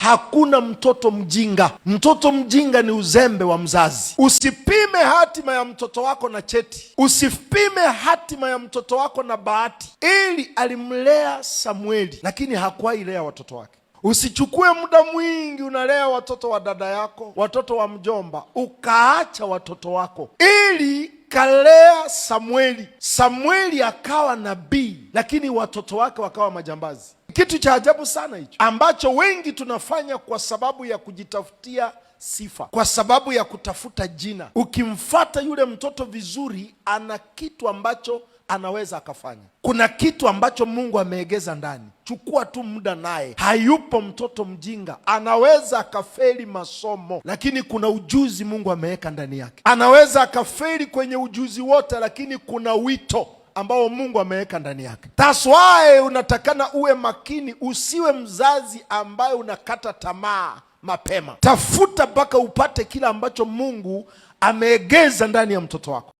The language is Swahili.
Hakuna mtoto mjinga. Mtoto mjinga ni uzembe wa mzazi. Usipime hatima ya mtoto wako na cheti, usipime hatima ya mtoto wako na bahati. Eli alimlea Samueli, lakini hakuwahi lea watoto wake. Usichukue muda mwingi unalea watoto wa dada yako, watoto wa mjomba, ukaacha watoto wako. Eli kalea Samueli, Samueli akawa nabii, lakini watoto wake wakawa majambazi. Kitu cha ajabu sana hicho ambacho wengi tunafanya kwa sababu ya kujitafutia sifa, kwa sababu ya kutafuta jina. Ukimfata yule mtoto vizuri, ana kitu ambacho anaweza akafanya. Kuna kitu ambacho Mungu ameegeza ndani. Chukua tu muda naye. Hayupo mtoto mjinga, anaweza akafeli masomo, lakini kuna ujuzi Mungu ameweka ndani yake. Anaweza akafeli kwenye ujuzi wote, lakini kuna wito ambao Mungu ameweka ndani yake. That's why unatakana uwe makini, usiwe mzazi ambaye unakata tamaa mapema. Tafuta mpaka upate kile ambacho Mungu ameegeza ndani ya mtoto wako.